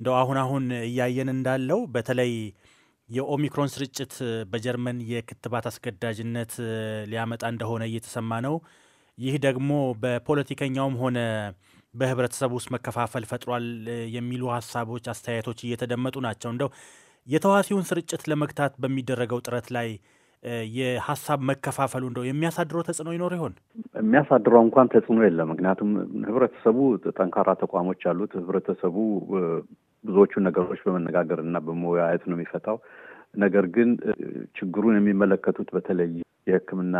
እንደው አሁን አሁን እያየን እንዳለው በተለይ የኦሚክሮን ስርጭት በጀርመን የክትባት አስገዳጅነት ሊያመጣ እንደሆነ እየተሰማ ነው። ይህ ደግሞ በፖለቲከኛውም ሆነ በህብረተሰቡ ውስጥ መከፋፈል ፈጥሯል የሚሉ ሀሳቦች፣ አስተያየቶች እየተደመጡ ናቸው። እንደው የተዋሲውን ስርጭት ለመግታት በሚደረገው ጥረት ላይ የሀሳብ መከፋፈሉ እንደው የሚያሳድረው ተጽዕኖ ይኖር ይሆን? የሚያሳድረው እንኳን ተጽዕኖ የለም። ምክንያቱም ህብረተሰቡ ጠንካራ ተቋሞች አሉት። ህብረተሰቡ ብዙዎቹ ነገሮች በመነጋገር እና በመወያየት ነው የሚፈታው። ነገር ግን ችግሩን የሚመለከቱት በተለይ የሕክምና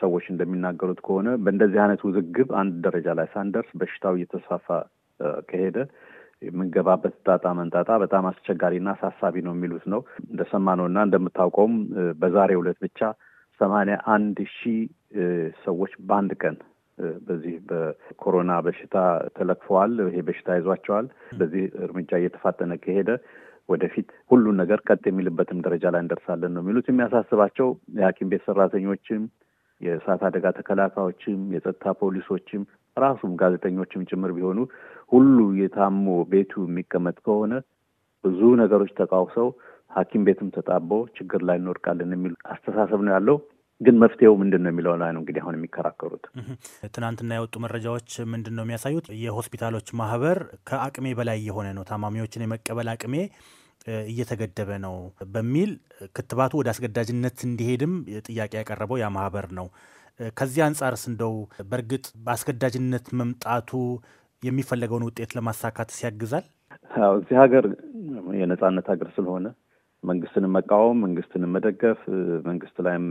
ሰዎች እንደሚናገሩት ከሆነ በእንደዚህ አይነት ውዝግብ አንድ ደረጃ ላይ ሳንደርስ በሽታው እየተስፋፋ ከሄደ የምንገባበት ጣጣ መንጣጣ በጣም አስቸጋሪና አሳሳቢ ነው የሚሉት ነው። እንደሰማነው እና እንደምታውቀውም በዛሬ ዕለት ብቻ ሰማንያ አንድ ሺህ ሰዎች በአንድ ቀን በዚህ በኮሮና በሽታ ተለክፈዋል። ይሄ በሽታ ይዟቸዋል። በዚህ እርምጃ እየተፋጠነ ከሄደ ወደፊት ሁሉን ነገር ቀጥ የሚልበትም ደረጃ ላይ እንደርሳለን ነው የሚሉት። የሚያሳስባቸው የሐኪም ቤት ሰራተኞችም፣ የእሳት አደጋ ተከላካዮችም፣ የጸጥታ ፖሊሶችም፣ ራሱም ጋዜጠኞችም ጭምር ቢሆኑ ሁሉ የታሞ ቤቱ የሚቀመጥ ከሆነ ብዙ ነገሮች ተቃውሰው ሐኪም ቤትም ተጣቦ ችግር ላይ እንወድቃለን የሚል አስተሳሰብ ነው ያለው። ግን መፍትሄው ምንድን ነው የሚለው ላይ ነው እንግዲህ አሁን የሚከራከሩት። ትናንትና የወጡ መረጃዎች ምንድን ነው የሚያሳዩት? የሆስፒታሎች ማህበር ከአቅሜ በላይ የሆነ ነው፣ ታማሚዎችን የመቀበል አቅሜ እየተገደበ ነው በሚል ክትባቱ ወደ አስገዳጅነት እንዲሄድም ጥያቄ ያቀረበው ያ ማህበር ነው። ከዚህ አንጻርስ እንደው በእርግጥ በአስገዳጅነት መምጣቱ የሚፈለገውን ውጤት ለማሳካት ሲያግዛል? እዚህ ሀገር የነጻነት ሀገር ስለሆነ መንግስትንም መቃወም፣ መንግስትንም መደገፍ፣ መንግስት ላይም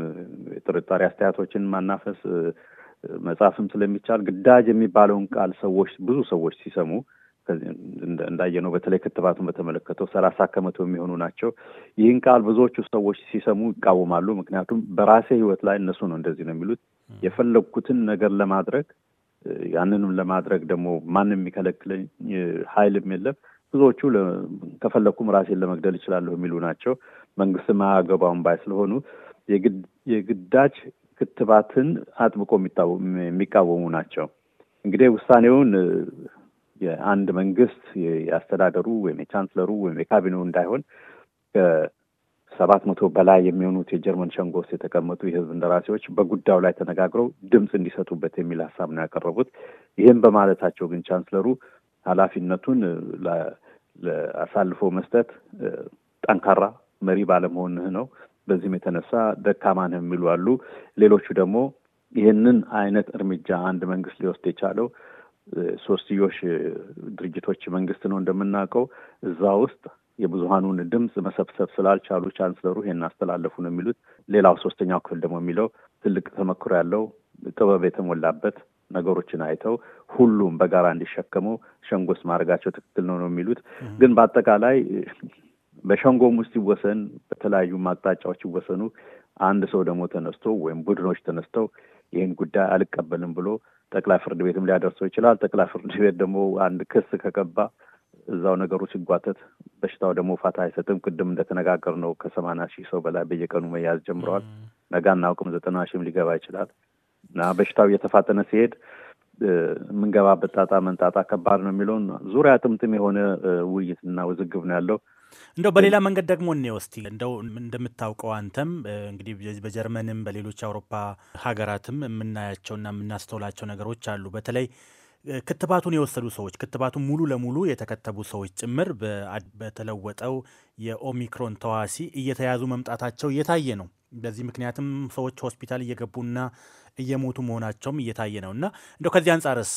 የጥርጣሬ አስተያየቶችን ማናፈስ መጽሐፍም ስለሚቻል ግዳጅ የሚባለውን ቃል ሰዎች ብዙ ሰዎች ሲሰሙ እንዳየነው በተለይ ክትባቱን በተመለከተው ሰላሳ ከመቶ የሚሆኑ ናቸው። ይህን ቃል ብዙዎቹ ሰዎች ሲሰሙ ይቃወማሉ። ምክንያቱም በራሴ ህይወት ላይ እነሱ ነው እንደዚህ ነው የሚሉት የፈለግኩትን ነገር ለማድረግ ያንንም ለማድረግ ደግሞ ማንም የሚከለክለኝ ኃይልም የለም ብዙዎቹ ከፈለግኩም ራሴን ለመግደል እችላለሁ የሚሉ ናቸው። መንግስትም አያገባውም ባይ ስለሆኑ የግዳጅ ክትባትን አጥብቆ የሚቃወሙ ናቸው። እንግዲህ ውሳኔውን የአንድ መንግስት የአስተዳደሩ ወይም የቻንስለሩ ወይም የካቢኔው እንዳይሆን ከሰባት መቶ በላይ የሚሆኑት የጀርመን ሸንጎ ውስጥ የተቀመጡ የህዝብ እንደራሴዎች በጉዳዩ ላይ ተነጋግረው ድምፅ እንዲሰጡበት የሚል ሀሳብ ነው ያቀረቡት። ይህም በማለታቸው ግን ቻንስለሩ ኃላፊነቱን አሳልፎ መስጠት ጠንካራ መሪ ባለመሆንህ ነው። በዚህም የተነሳ ደካማ ነህ የሚሉ አሉ። ሌሎቹ ደግሞ ይህንን አይነት እርምጃ አንድ መንግስት ሊወስድ የቻለው ሶስትዮሽ ድርጅቶች መንግስት ነው እንደምናውቀው እዛ ውስጥ የብዙሀኑን ድምፅ መሰብሰብ ስላልቻሉ ቻንስለሩ ይሄን አስተላለፉ ነው የሚሉት። ሌላው ሶስተኛው ክፍል ደግሞ የሚለው ትልቅ ተመክሮ ያለው ጥበብ የተሞላበት ነገሮችን አይተው ሁሉም በጋራ እንዲሸከሙ ሸንጎስ ማድረጋቸው ትክክል ነው ነው የሚሉት። ግን በአጠቃላይ በሸንጎም ውስጥ ይወሰን፣ በተለያዩ አቅጣጫዎች ይወሰኑ፣ አንድ ሰው ደግሞ ተነስቶ ወይም ቡድኖች ተነስተው ይህን ጉዳይ አልቀበልም ብሎ ጠቅላይ ፍርድ ቤትም ሊያደርሰው ይችላል። ጠቅላይ ፍርድ ቤት ደግሞ አንድ ክስ ከገባ እዛው ነገሩ ሲጓተት በሽታው ደግሞ ፋታ አይሰጥም። ቅድም እንደተነጋገር ነው ከሰማንያ ሺህ ሰው በላይ በየቀኑ መያዝ ጀምረዋል። ነገ አናውቅም፣ ዘጠና ሺህም ሊገባ ይችላል። እና በሽታው እየተፋጠነ ሲሄድ የምንገባበት ጣጣ መንጣጣ ከባድ ነው የሚለውን ዙሪያ ጥምጥም የሆነ ውይይትና ውዝግብ ነው ያለው። እንደው በሌላ መንገድ ደግሞ እኔ ወስቲ እንደው እንደምታውቀው አንተም እንግዲህ በጀርመንም በሌሎች አውሮፓ ሀገራትም የምናያቸውና የምናስተውላቸው ነገሮች አሉ። በተለይ ክትባቱን የወሰዱ ሰዎች ክትባቱን ሙሉ ለሙሉ የተከተቡ ሰዎች ጭምር በተለወጠው የኦሚክሮን ተዋሲ እየተያዙ መምጣታቸው እየታየ ነው። በዚህ ምክንያትም ሰዎች ሆስፒታል እየገቡና እየሞቱ መሆናቸውም እየታየ ነው እና እንደው ከዚህ አንጻርስ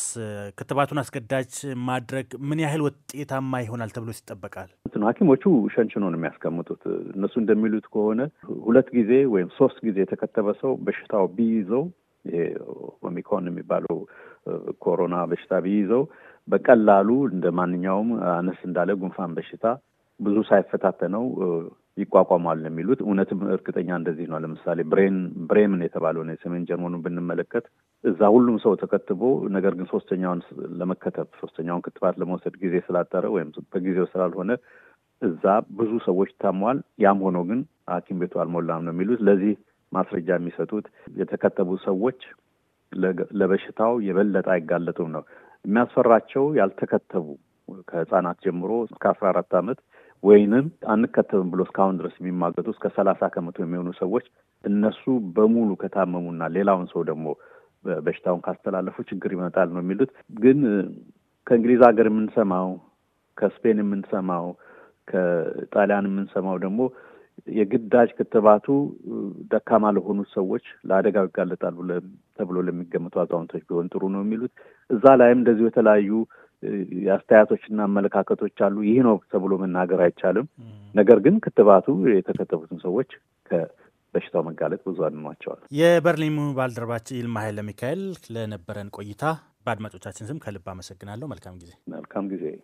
ክትባቱን አስገዳጅ ማድረግ ምን ያህል ውጤታማ ይሆናል ተብሎ ይጠበቃል? ሐኪሞቹ ሸንሽኖ ነው የሚያስቀምጡት። እነሱ እንደሚሉት ከሆነ ሁለት ጊዜ ወይም ሶስት ጊዜ የተከተበ ሰው በሽታው ቢይዘው ይሄ ኦሚክሮን የሚባለው ኮሮና በሽታ ቢይዘው በቀላሉ እንደ ማንኛውም አነስ እንዳለ ጉንፋን በሽታ ብዙ ሳይፈታተነው ይቋቋማሉ የሚሉት እውነትም እርግጠኛ እንደዚህ ነው። ለምሳሌ ብሬን ብሬምን የተባለውን የሰሜን ጀርመኑን ብንመለከት እዛ ሁሉም ሰው ተከትቦ ነገር ግን ሶስተኛውን ለመከተብ ሶስተኛውን ክትባት ለመውሰድ ጊዜ ስላጠረ ወይም በጊዜው ስላልሆነ እዛ ብዙ ሰዎች ታሟል። ያም ሆኖ ግን ሐኪም ቤቱ አልሞላም ነው የሚሉት። ለዚህ ማስረጃ የሚሰጡት የተከተቡ ሰዎች ለበሽታው የበለጠ አይጋለጡም ነው። የሚያስፈራቸው ያልተከተቡ ከህጻናት ጀምሮ እስከ አስራ አራት አመት ወይንም አንከተብም ብሎ እስካሁን ድረስ የሚማገጡ እስከ ሰላሳ ከመቶ የሚሆኑ ሰዎች እነሱ በሙሉ ከታመሙና ሌላውን ሰው ደግሞ በሽታውን ካስተላለፉ ችግር ይመጣል ነው የሚሉት። ግን ከእንግሊዝ ሀገር የምንሰማው ከስፔን የምንሰማው ከጣሊያን የምንሰማው ደግሞ የግዳጅ ክትባቱ ደካማ ለሆኑት ሰዎች ለአደጋው ይጋለጣሉ ተብሎ ለሚገመቱ አዛውንቶች ቢሆን ጥሩ ነው የሚሉት። እዛ ላይም እንደዚሁ የተለያዩ አስተያየቶችና አመለካከቶች አሉ። ይህ ነው ተብሎ መናገር አይቻልም። ነገር ግን ክትባቱ የተከተቡትን ሰዎች ከበሽታው መጋለጥ ብዙ አድኗቸዋል። የበርሊኑ ባልደረባችን ይልማ ኃይለ ሚካኤል ለነበረን ቆይታ በአድማጮቻችን ስም ከልብ አመሰግናለሁ። መልካም ጊዜ። መልካም ጊዜ።